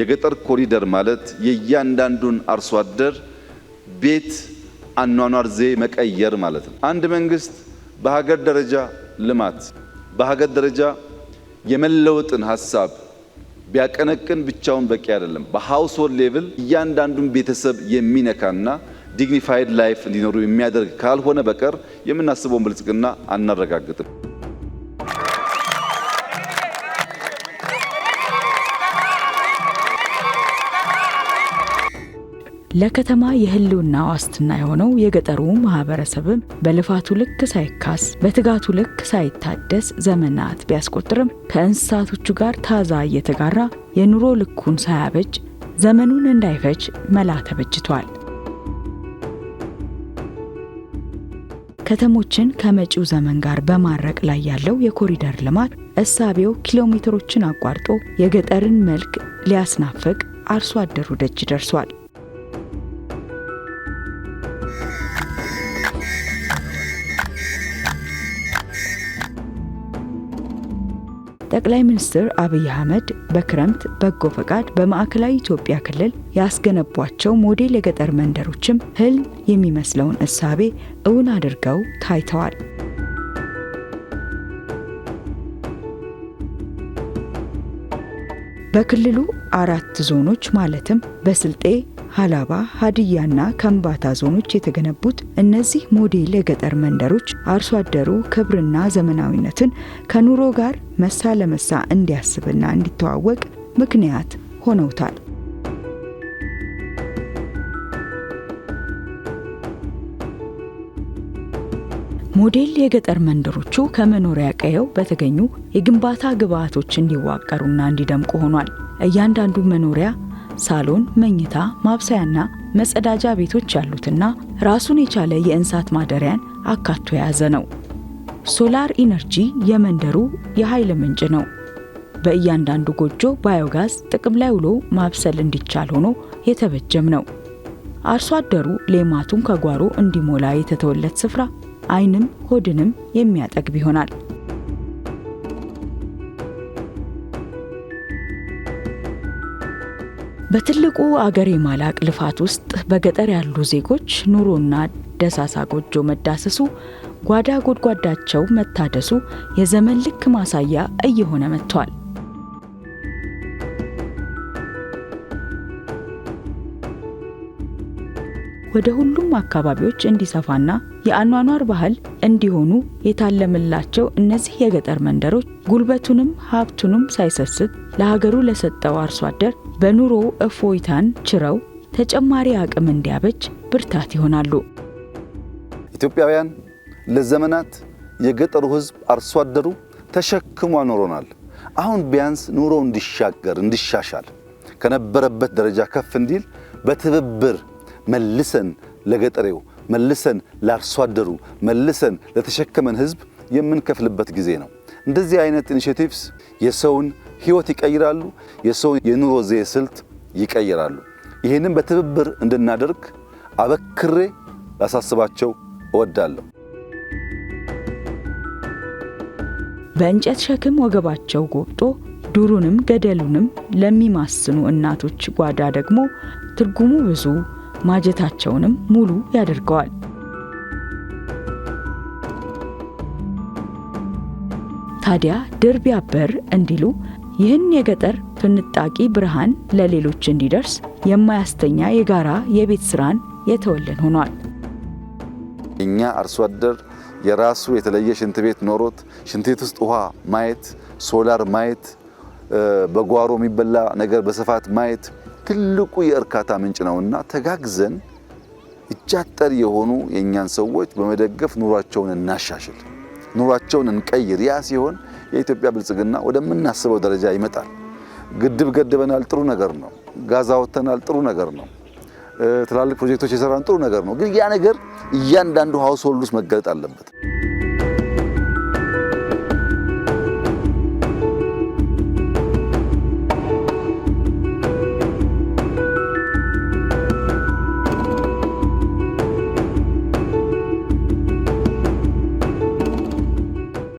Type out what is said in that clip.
የገጠር ኮሪደር ማለት የእያንዳንዱን አርሶ አደር ቤት አኗኗር ዜ መቀየር ማለት ነው። አንድ መንግስት በሀገር ደረጃ ልማት በሀገር ደረጃ የመለወጥን ሀሳብ ቢያቀነቅን ብቻውን በቂ አይደለም። በሃውስሆልድ ሌቭል እያንዳንዱን ቤተሰብ የሚነካና ዲግኒፋይድ ላይፍ እንዲኖሩ የሚያደርግ ካልሆነ በቀር የምናስበውን ብልጽግና አናረጋግጥም። ለከተማ የህልውና ዋስትና የሆነው የገጠሩ ማህበረሰብም በልፋቱ ልክ ሳይካስ በትጋቱ ልክ ሳይታደስ ዘመናት ቢያስቆጥርም ከእንስሳቶቹ ጋር ታዛ እየተጋራ የኑሮ ልኩን ሳያበጅ ዘመኑን እንዳይፈጅ መላ ተበጅቷል። ከተሞችን ከመጪው ዘመን ጋር በማድረቅ ላይ ያለው የኮሪደር ልማት እሳቤው ኪሎሜትሮችን አቋርጦ የገጠርን መልክ ሊያስናፍቅ አርሶ አደሩ ደጅ ደርሷል። ጠቅላይ ሚኒስትር አብይ አህመድ በክረምት በጎ ፈቃድ በማዕከላዊ ኢትዮጵያ ክልል ያስገነቧቸው ሞዴል የገጠር መንደሮችም ህልም የሚመስለውን እሳቤ እውን አድርገው ታይተዋል። በክልሉ አራት ዞኖች ማለትም በስልጤ፣ ሀላባ፣ ሀዲያና ከምባታ ዞኖች የተገነቡት እነዚህ ሞዴል የገጠር መንደሮች አርሶ አደሩ ክብርና ዘመናዊነትን ከኑሮ ጋር መሳ ለመሳ እንዲያስብና እንዲተዋወቅ ምክንያት ሆነውታል። ሞዴል የገጠር መንደሮቹ ከመኖሪያ ቀየው በተገኙ የግንባታ ግብዓቶች እንዲዋቀሩና እንዲደምቁ ሆኗል። እያንዳንዱ መኖሪያ ሳሎን፣ መኝታ፣ ማብሰያና መጸዳጃ ቤቶች ያሉትና ራሱን የቻለ የእንስሳት ማደሪያን አካቶ የያዘ ነው። ሶላር ኢነርጂ የመንደሩ የኃይል ምንጭ ነው። በእያንዳንዱ ጎጆ ባዮጋዝ ጥቅም ላይ ውሎ ማብሰል እንዲቻል ሆኖ የተበጀም ነው። አርሶ አደሩ ሌማቱን ከጓሮ እንዲሞላ የተተወለት ስፍራ አይንም ሆድንም የሚያጠግብ ይሆናል። በትልቁ አገሬ ማላቅ ልፋት ውስጥ በገጠር ያሉ ዜጎች ኑሮና ደሳሳ ጎጆ መዳሰሱ፣ ጓዳ ጎድጓዳቸው መታደሱ የዘመን ልክ ማሳያ እየሆነ መጥቷል። ወደ ሁሉም አካባቢዎች እንዲሰፋና የአኗኗር ባህል እንዲሆኑ የታለምላቸው እነዚህ የገጠር መንደሮች ጉልበቱንም ሀብቱንም ሳይሰስት ለሀገሩ ለሰጠው አርሶ አደር በኑሮ እፎይታን ችረው ተጨማሪ አቅም እንዲያበጅ ብርታት ይሆናሉ። ኢትዮጵያውያን ለዘመናት የገጠሩ ሕዝብ አርሶ አደሩ ተሸክሞ አኖሮናል። አሁን ቢያንስ ኑሮ እንዲሻገር እንዲሻሻል ከነበረበት ደረጃ ከፍ እንዲል በትብብር መልሰን ለገጠሬው መልሰን ለአርሶ አደሩ መልሰን ለተሸከመን ሕዝብ የምንከፍልበት ጊዜ ነው። እንደዚህ አይነት ኢኒሽቲቭስ የሰውን ህይወት ይቀይራሉ፣ የሰው የኑሮ ዘዬ ስልት ይቀይራሉ። ይህንም በትብብር እንድናደርግ አበክሬ ላሳስባቸው እወዳለሁ። በእንጨት ሸክም ወገባቸው ጎብጦ ዱሩንም ገደሉንም ለሚማስኑ እናቶች ጓዳ ደግሞ ትርጉሙ ብዙ ማጀታቸውንም ሙሉ ያደርገዋል። ታዲያ ድር ቢያበር እንዲሉ ይህን የገጠር ፍንጣቂ ብርሃን ለሌሎች እንዲደርስ የማያስተኛ የጋራ የቤት ስራን የተወለን ሆኗል። እኛ አርሶ አደር የራሱ የተለየ ሽንት ቤት ኖሮት ሽንት ቤት ውስጥ ውሃ ማየት፣ ሶላር ማየት፣ በጓሮ የሚበላ ነገር በስፋት ማየት ትልቁ የእርካታ ምንጭ ነውና ተጋግዘን እጃጠር የሆኑ የእኛን ሰዎች በመደገፍ ኑሯቸውን እናሻሽል፣ ኑሯቸውን እንቀይር። ያ ሲሆን የኢትዮጵያ ብልጽግና ወደምናስበው ደረጃ ይመጣል። ግድብ ገድበናል፣ ጥሩ ነገር ነው። ጋዛ ወጥተናል፣ ጥሩ ነገር ነው። ትላልቅ ፕሮጀክቶች የሰራን ጥሩ ነገር ነው። ግን ያ ነገር እያንዳንዱ ሀውስ ሆልድ ውስጥ መገለጥ አለበት።